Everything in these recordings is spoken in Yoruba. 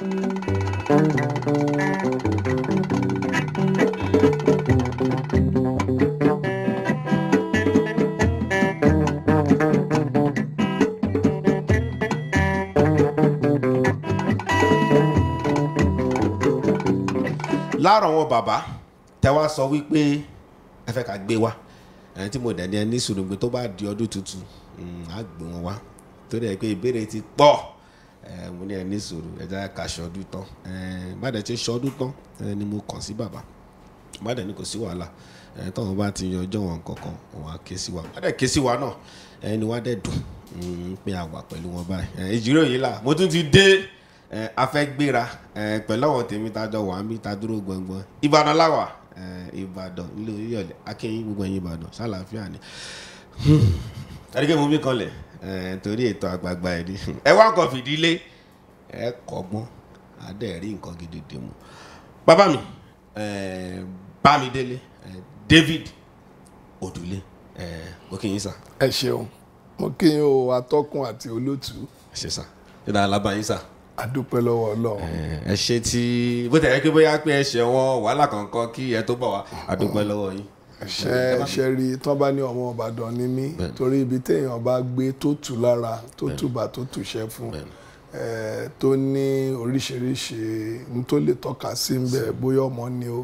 láàárọ̀ àwọn bàbá tẹ́wá sọ wípé ẹ fẹ́ ká gbé wa ẹni tí mo dẹ̀ ní ẹ ní sùrùgbé tó bá di ọdún tuntun á hmm, gbé wọn wá torí ẹ pé ìbéèrè ti pọ̀ mo ní ẹ ní sùúrù ẹ jẹ́ ká ṣọdún tán bàdẹ̀ ti ṣọdún tán ni mo kàn sí bàbá bàdẹ̀ ni kò sí wàhálà tọ́wọ́n bá ti yan ọjọ́ wọn kankan wọn á ké sí wa bàdẹ̀ ké sí wa náà ẹni wá dẹ̀ dùn hmm, pé a wà pẹ̀lú wọn báyìí ìjíròrò yìí là mo tún ti dé afẹ́gbéra pẹ̀lú àwọn tèmi tájọ wà mí tá dúró gbọ̀ngbọ̀n Ìbàdàn láwà Ìbàdàn ilé oníyọ̀lẹ̀ akẹ́yìn gbogbo ẹ̀yìn Ìbàdàn sálàáfíà ni. àdìgẹ́ hmm. mú mi kanlẹ̀ Eh, torí ètò àgbààgbà ẹni ẹ wá nǹkan fìdílé ẹ kọ́gbọ́n adé rí nǹkan gidi dì mú bàbá mi eh, Bámidélé eh, David Odùlé ó kí yín sà. ẹ ṣeun mo kí yín o atọ́kùn àti olótù. ẹ ṣe sà kí ni alábàáyín sà a dúpẹ́ lọ́wọ́ ọlọ́run. ẹ ṣe tí bó tẹ̀lé pé bóyá pé ẹ ṣe wọn wàhálà kankan kí ẹ tó bọ̀ wá a lọ́wọ́ yín ṣe ṣe rí tán bá ní ọmọ Ìbàdàn ni mí torí ibi téèyàn bá gbé tó tù lára tó tùbà tó tùṣẹ́ fún tó ní oríṣiríṣi n tó lè tọ́ka sí ń bẹ̀ bóyá ọmọ ni o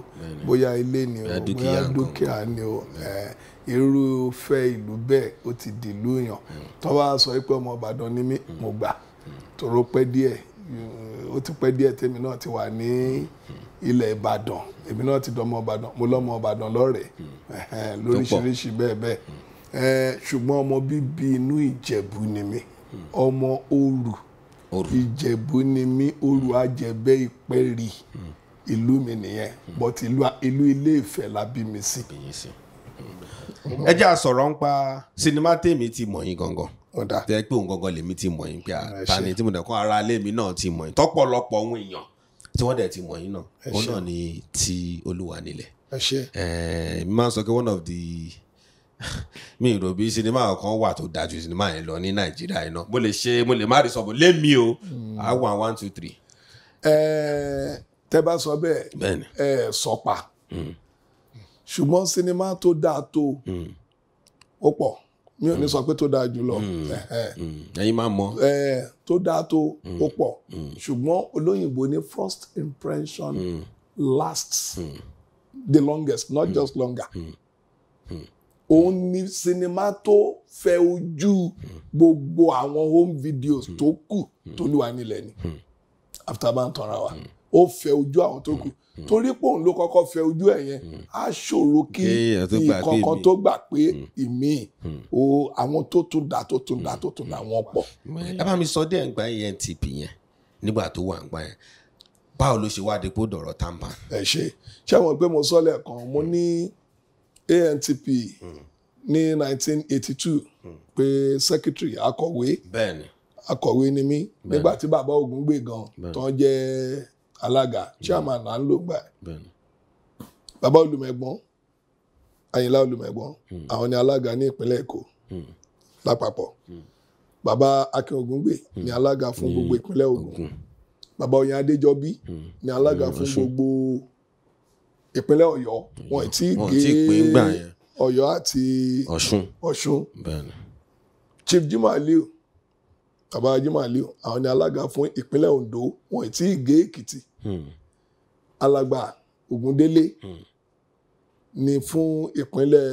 bóyá ilé ni o bóyá dúkìá ni o irúfẹ́ ìlú bẹ́ẹ̀ ó ti dìlú yàn hmm. tó bá sọ pé ọmọ Ìbàdàn ni mí hmm. mo gbà hmm. tó rọ pẹ́ díẹ̀ o ti pẹ́ díẹ̀ tèmi náà ti wà ní ilẹ̀ ìbàdàn èmi náà ti dọmọ ìbàdàn mo lọ́mọ ìbàdàn lọ́rẹ̀ẹ́ lóríṣiríṣi bẹ́ẹ̀ bẹ́ẹ̀ hmm. ṣùgbọ́n ọmọ bíbí inú ìjẹ̀bú ni mi hmm. ọmọ òru ìjẹ̀bú ni mí òru àjẹ̀bẹ́ ìpẹ́rì hmm. ìlú mi nìyẹn but ìlú ilé ìfẹ́ la bí mi sí. ẹ jẹ́ àsọ̀rọ̀ ń pa sinimá tèmi ti mọ̀ yín gangan ọ̀dà. tẹ́ pé òun gangan lèmi ti mọ̀ yín pé àtàní tí mo dẹ̀ kọ́ ara lèmi náà ti mọ̀ yín tọ́pọ̀lọpọ̀ ohun èèyàn tí wọ́n dẹ̀ ti mọ̀ yín náà òun náà ni ti olúwa nílẹ̀. ẹ ṣe. ẹ mi máa ń sọ pé one of the mi ò bí sinimá kan wà tó dáa ju sinimá yẹn lọ ní nàìjíríà yẹn náà mo lè ṣe mo lè má rí sọ̀bù lémi o i hmm. want one two three. ẹ tẹ́ bá sọ bẹ́ẹ̀ ẹ sọpa hmm. ṣùgbọ́n sinimá tó dáa tó hmm. ó pọ̀ mi ò ní sọ pé tó dáa jùlọ. Hmm. Hmm. ẹ̀yin máa mọ̀. tó dáa tó hmm. ó pọ̀ ṣùgbọ́n olóyìnbó ní first impression mm. lasts mm. the longest not mm. just longer. òun ni sinimá tó fẹ́ ojú gbogbo àwọn home videos tó kù tó lù wá nílẹ̀ ni after bá ń tanra wa ó fẹ́ ojú àwọn tó kù. Mm Hmm. torí pé òun ló kọ́kọ́ fẹ ojú ẹ̀ yẹn hmm. á ṣòro kí ìkọ̀kan tó gbà pé hmm. ìmí o àwọn tó tún dá tó tún dá tó tún dá wọn pọ̀. ẹ bá mi sọ díẹ̀ ń gba ENTP yẹn nígbà tó wà ń gbà yẹn báwo ló ṣe wá dípò dọ̀rọ̀ tàǹbà. ẹ ṣe ṣé wọn gbé mo sọ lẹ́ẹ̀kan mo ní ANTP e ní 1982 pé secretary akọ̀wé akọ̀wé ni mí nígbà tí bàbá Ògúngbè gan tó ń alága hmm. chairman là ń lò gbà bàbá olùmẹ̀gbọ́n àyìnlá olùmẹ̀gbọ́n hmm. àwọn ni alága ní ìpínlẹ̀ èkó hmm. lápapọ̀ bàbá akin ògúngbè ni alága fún gbogbo ìpínlẹ̀ ògùn bàbá oyin adéjọbí ni alága fún gbogbo ìpínlẹ̀ ọ̀yọ́ wọn ti gé ọ̀yọ́ àti ọ̀ṣun chief jimoh aliu bàbá jimali àwọn ni alága fún ìpínlẹ̀ Ondo wọn ì tí ì gé Èkìtì hmm. alàgbà Ògúndélé hmm. ni fún ìpínlẹ̀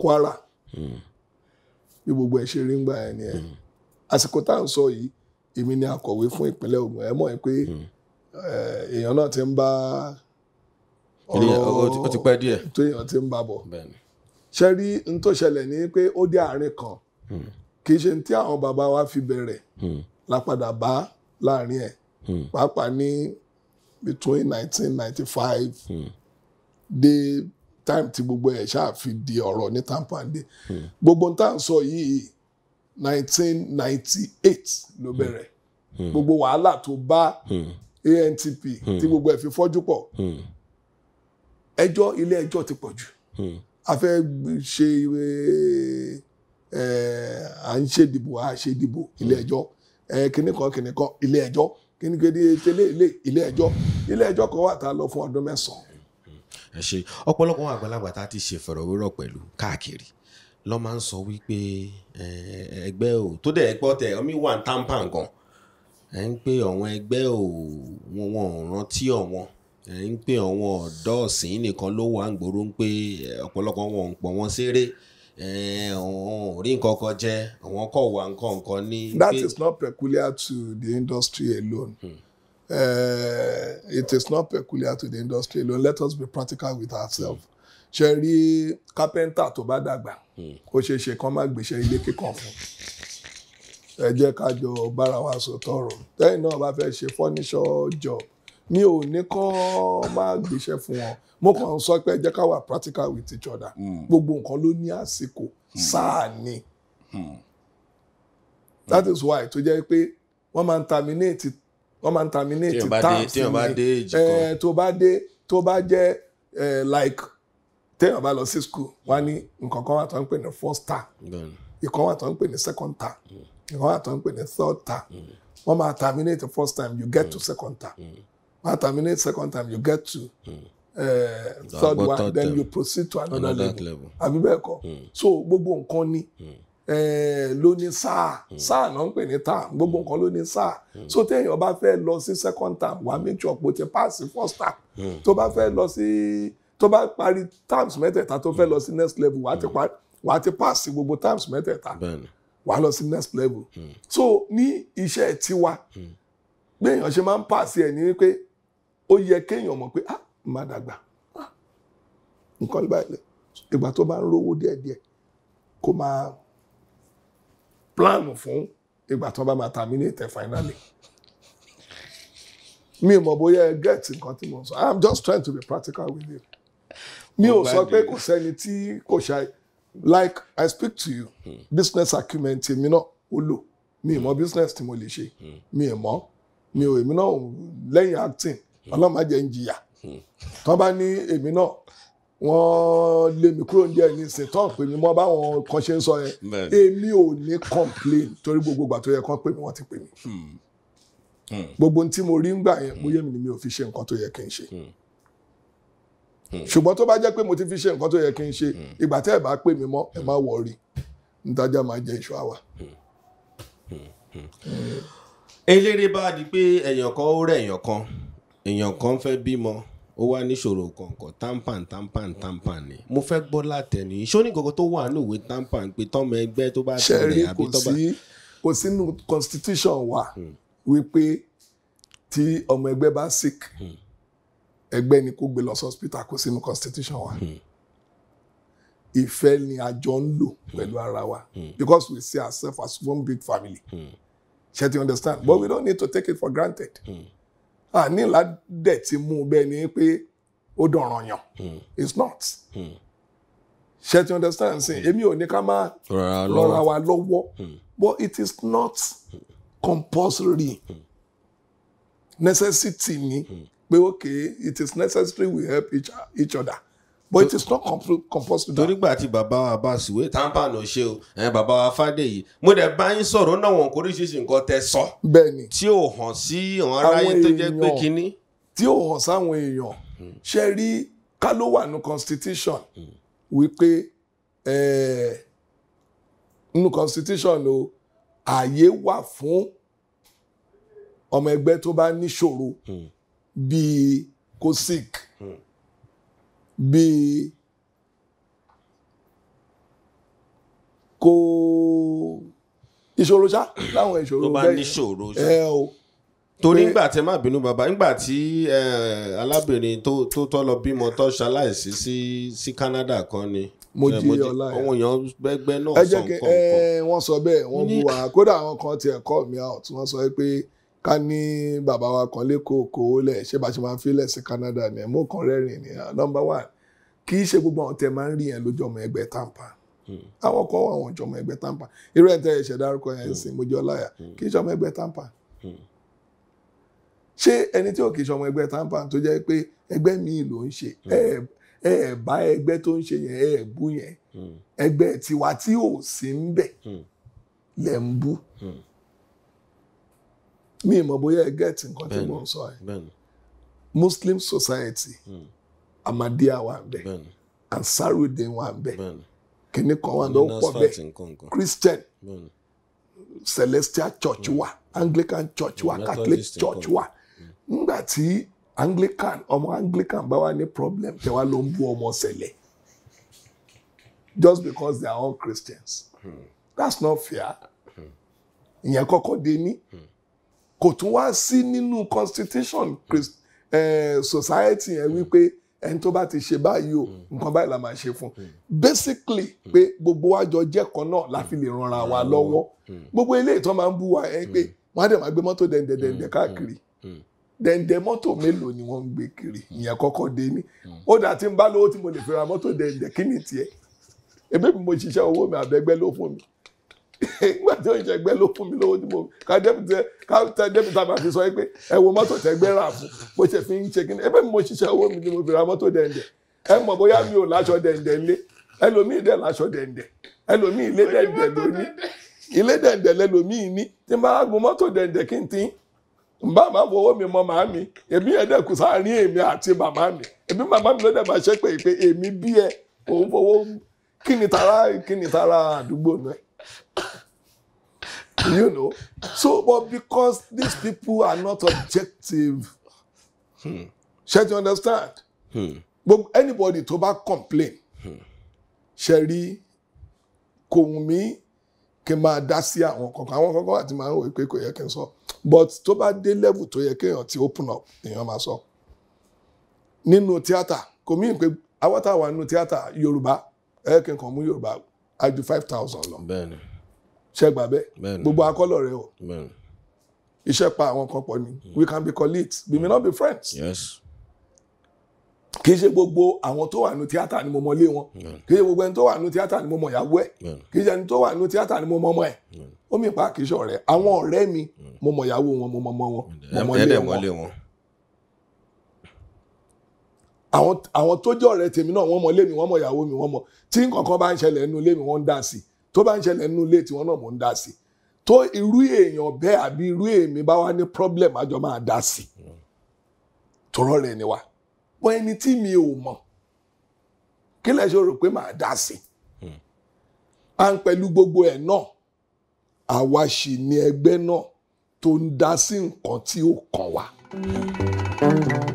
Kwara hmm. bí gbogbo ẹ̀ ṣe rí ń gbà ẹ̀ nìyẹn àsìkò tá à ń sọ yìí èmi ni akọ̀wé fún ìpínlẹ̀ Ògùn ẹ̀ mọ̀ ẹ́ pé eh, èèyàn náà ti ń bá ọ̀rọ̀ tó èèyàn ti ń bá bọ̀ ṣe rí n tó ṣẹlẹ̀ ní pé ó dé àárín kan kì í ṣe tí àwọn bàbá wa fi bẹ̀rẹ̀ hmm. lápadà bá láàrin ẹ̀ hmm. pàápàá ní between nineteen ninety five hmm. dé time tí gbogbo ẹ̀ ṣáà fi di ọ̀rọ̀ ní tampande gbogbo n tá à ń sọ yìí nineteen ninety eight ló bẹ̀rẹ̀ gbogbo wàhálà tó bá ANTP tí gbogbo ẹ̀ fi fọ́jú pọ̀ ẹjọ́ ilé ẹjọ́ ti pọ̀ jù a fẹ́ ṣe eh, à ń ṣèdìbò à ṣèdìbò ilé ẹjọ́ kíní kan kíní kan ilé ẹjọ́ kíní kan tẹ́lẹ̀ ilé ẹjọ́ ilé ẹjọ́ kan wà tá a lọ fún ọdún mẹ́sàn-án. ẹ ṣe ọ̀pọ̀lọpọ̀ àwọn àgbàlagbà tá a ti ṣe fọ̀rọ̀wérọ̀ pẹ̀lú káàkiri lọ máa ń sọ wípé ẹgbẹ́ ò tó dẹ̀ ẹgbọ́ tẹ̀ ọmí wà ń tàǹpà gan ẹ̀ ń pé àwọn ẹgbẹ́ ò wọn ò rántí ọ̀wọ́n ẹ̀ ń pé àwọn ọ̀dọ́ ọ̀sìn nìkan ló wà ń gbòòrò ń pé ọ̀pọ̀lọpọ̀ wọn ò pọ̀ wọn ṣeré Eh, that is not peculiar to the industry alone. Hmm. Uh, it is not peculiar to the industry alone let us be practical with ourselves. Hmm ṣe rí kápẹ́ńtà tó bá dàgbà hmm. ó ṣe é ṣe kán má gbéṣẹ́ ilé kíkan fún ẹ jẹ́ ká jọ bára wa sọ tọrọ lẹ́yìn náà bá fẹ́ ṣe fọ́níṣọ́ job mi ò ní kọ́ máa gbéṣẹ́ fún wọn mo kàn sọ pé jẹ́ ká wà practical with each other hmm. gbogbo nǹkan ló ní àsìkò hmm. sáà ni hmm. that is why tó jẹ́ pé wọ́n máa ń terminate wọ́n máa ń terminate terms ni eh, tó bá dé tó bá jẹ́ eh, like téèyàn bá lọ sí school wọ́n á ní nǹkan kan wà tó ń pè ní first term ìkan wà tó ń pè ní second term ìkan wà tó ń pè ní third term wọ́n máa terminate first time you get to second term. Mm one terminate second time you get to uh, hmm. eh, third one then term. you proceed to another, another level, level. àbí bẹ́ẹ̀ kọ́ mm. so gbogbo nǹkan ni hmm. eh, ló ní sáà hmm. sáà náà ń pè ní term gbogbo nǹkan ló ní sáà so téèyàn bá fẹ́ lọ sí second time. wàá make sure pé o ti pass first term mm. tó bá fẹ́ lọ sí tó bá parí terms mẹ́tẹ̀ẹ̀ta tó fẹ́ lọ sí next level wàá ti parí wàá ti pass gbogbo terms mẹ́tẹ̀ẹ̀ta wàá lọ sí next level so ní iṣẹ́ tiwa gbẹ̀yàn ṣe máa ń pass ẹ̀ ní wípé ó yẹ kéèyàn mọ̀ pé ah, má dàgbà ah nǹkan báyìí ìgbà tó bá ń rówó díẹ̀díẹ̀ kó máa plan fún ìgbà tó bá máa terminate finally mi mọ̀ bóyá ẹ get nǹkan tí mo sọ i'm just trying to be practical with you mi ò sọ pé kò sẹ́ni tí kò ṣe like i speak to you hmm. business acumen ti mi náà ó lò mi ì mọ̀ business tí mo lè ṣe mi ì mi ò èmi náà lẹ́yìn acting Hmm. ọlọ́run má jẹ́ ń jìyà hmm. tán bá ní èmi náà wọ́n lé mi kúrò díẹ̀ ní ṣètọ́n pé mi mọ́ báwọn kan ṣe ń sọ yẹn èmi ò ní complain torí gbogbo ìgbà tó yẹ kán pè wọ́n ti pè mí hmm. gbogbo tí mo rí ń gbà yẹn bóyá mi ni mi ò fi ṣe nǹkan tó yẹ kí n ṣe ṣùgbọ́n tó bá jẹ́ pé mo ti fi ṣe nǹkan tó yẹ kí n ṣe ìgbà tẹ́ ẹ̀ bá pè mọ́ ẹ má wọrí ntajà máa jẹ iṣu àwà. eléré bá di pé ẹ̀yàn kan ó rẹ̀ ẹ̀yàn kan èèyàn kan fẹ́ bímọ ó wá níṣòro kọ̀ọ̀kan tampan tampan tampan ni mo fẹ́ gbọ́ látẹnu yìí kankan tó wà ní òwe tampan pé tọ́mọ ẹgbẹ́ tó bá tẹ̀lé àbí tọ́ba. sẹ́rí kò sínú constitution wa hmm. wípé tí ọmọ ẹgbẹ́ bá sick hmm. ẹgbẹ́ ni kó gbé lọ sí hospital kò sínú constitution wa hmm. ìfẹ́ ni a ń lò pẹ̀lú ara wa because we see ourselves as one big family ṣe ti understand but we don't need to take it for granted. Mm àníla dẹ̀ ti mú un bẹ́ẹ̀ ni pé ó dọ̀ràn yàn hmm. it's not hmm. ṣe ti understand sin hmm. èmi ò ní ká máa rọra wa lọ́wọ́ but it is not compulsory necessity ni pé okay it is necessary we help each, each other but it is not compulsory. torí gbà tí bàbá wa bá ṣìwé tampa ló ṣe o bàbá wa Fádèyí mo dẹ̀ bá yín sọ̀rọ̀ náà wọn kò oríṣiríṣi nǹkan tẹ́ sọ. bẹ́ẹ̀ni tí ò hàn sí àwọn aráyé tó jẹ́ pé kínní. tí ò hàn sáwọn èèyàn hmm. ṣe rí ká ló wà ní constitution hmm. wípé nínú constitution o ààyè wà fún ọmọ ẹgbẹ́ tó bá níṣòro hmm. bíi kó sick bíi kó ìṣòro ṣá láwọn ìṣòro bẹ́ẹ̀ tó bá níṣòro ṣá ẹ o torí ngbà tẹ má bínú bàbá ngbà tí alábìnrin tó tọ́ lọ bímọ tó ṣaláìsí sí Canada kan ni Mojí Ọláìyá àwọn èèyàn gbẹgbẹ náà sọ nǹkan kan ẹ jẹ́ kí wọ́n sọ bẹ́ẹ̀ wọ́n bú wa kódà àwọn kan tiẹ̀ call me out wọ́n sọ pé ká ní bàbá wa kan lẹ́kọ̀ọ́ kòwó lẹ̀ ṣé bá ṣe máa fi lẹ̀ Canada ni ẹ̀ mú rẹ́rìn ni ah, number one kì í ṣe gbogbo àwọn tẹ máa ń rí yẹn lójú ọmọ ẹgbẹ́ Tampa hmm. àwọn kan wà àwọn ìjọmọ ẹgbẹ́ Tampa irú ẹ̀ tẹ́ ẹ̀ṣẹ̀ dárúkọ yẹn hmm. sìn mojú ọláyà hmm. kì í ṣọmọ ẹgbẹ́ Tampa ṣé ẹni tí ò kì í ṣọmọ ẹgbẹ́ Tampa tó jẹ́ pé ẹgbẹ́ míì ló ń ṣe ẹ ẹ bá ẹgbẹ́ tó ń ṣe yẹn ẹ ẹ bú yẹn ẹgbẹ́ tiwa tí ò sí ń bẹ̀ lẹ̀ ń bú mi ì mọ̀ bóyá ẹ gẹ́ẹ̀tì nǹkan tí mò ń sọ yìí Muslim society mm. Ahmadiyya wà ń bẹ Ansarudeen wà ń bẹ kìnnì kan wà ń bẹ ó pọ̀ bẹ Christian ben. Celestial Church hmm. wa Anglican Church wa Catholic Church wa. nígbà tí Anglican ọmọ Anglican bá wà ní problem tẹwa ló ń bú ọmọ sẹlẹ just because they are all Christians hmm. that's not fair hmm. ìyẹn kọ́kọ́ dé ní. Hmm kò tún wá sí nínú constitution Christ, eh, society yẹn wípé ẹni tó bá ti ṣe báyìí o hmm. nǹkan báyìí la máa ṣe fún hmm. basically hmm. pé gbogbo àjọ jẹ́kan náà la fi lè ranra wa lọ́wọ́ gbogbo eléyìí tó máa ń bú wa ẹ pé wọ́n á dẹ̀ máa gbé mọ́tò dẹ̀ǹdẹ̀dẹ̀ǹdẹ̀ káàkiri dẹ̀ǹdẹ̀ mọ́tò mélòó ni wọ́n ń gbé kiri ìyẹn kọ́kọ́ dé ní ó dà tí ń bá lówó tí mo lè fi ra mọ́tò dẹ̀ǹdẹ̀ kí ni tiẹ̀ ebí mo ṣiṣẹ́ owó mi àbẹ́gbẹ́ ló fún mi nígbà tí òyìnbó ẹgbẹ́ ló fún mi lówó tí mo ká débìtì ká àmà fi ẹ rà fún mo ṣe fi ebe mo ṣiṣẹ́ owó mi ni mo fi ra mọ́tò dẹ̀ǹdẹ̀ ẹ mọ̀ bóyá mi ò láṣọ dẹ̀ǹdẹ̀ lé ẹlòmíì dẹ̀ láṣọ dẹ̀ǹdẹ̀ ẹlòmíì ilé dẹ̀ǹdẹ̀ ilé dẹ̀ǹdẹ̀ ní tí n bá gun mọ́tò dẹ̀ǹdẹ̀ kí n ti n bá máa fowó mi mọ màá mi èmi èmi àti màmá mi èmi màmá you know so but because these people are not objective hmm. you understand hmm. gbogbo hmm. anybody to bá complain hmm. ṣe rí kò wù mí kí n máa dá sí àwọn kankan àwọn kankan wà tí màá wò pé kò yẹ kí n sọ but tó bá dé level tó yẹ kéèyàn ti open up èèyàn máa sọ nínú tíátà kò mí pé awátàwà nínú tíátà yorùbá ẹ kí n kàn mú yorùbá a ju five thousand lọ ṣẹgbà bẹ́ẹ̀ gbogbo akọlọ rẹ o iṣẹ́ pa àwọn kan pọ̀ ni we can be colleagues we may not be friends. Yes kì í ṣe gbogbo àwọn tó wà nínú tíátà ni mo mọ ilé wọn kì í ṣe gbogbo ẹni tó wà nínú tíátà ni mo mọ ìyàwó ẹ kì í ṣe ẹni tó wà nínú tíátà ni mo mọ ọmọ ẹ ó pa kì í ṣe ọ̀rẹ́ àwọn ọ̀rẹ́ mi mo mọ ìyàwó wọn mo mọ ọmọ wọn mo mọ ilé wọn àwọn àwọn tó jẹ́ ọ̀rẹ́ tèmi náà wọ́n mọ ilé mi wọ́n mọ ìyàwó mi wọ́n mọ tí nǹkankan bá ń ṣẹlẹ̀ nínú ilé mi wọ́n ń dá sí tó bá ń ṣẹlẹ̀ nínú ilé tiwọn náà mò ń dá sí tó irú èèyàn bẹ́ẹ̀ àbí irú èmi bá wá ní problem àjọ máa dá sí tọrọ rẹ ni wa bọ́ ẹni tí mi ò mọ̀ kí lẹ ṣe rò pé màá dá sí à ń pẹ̀lú gbogbo ẹ̀ náà àwa sì ni ẹgbẹ́ náà tó ń dá sí nǹkan tí ó kàn wá. Mm.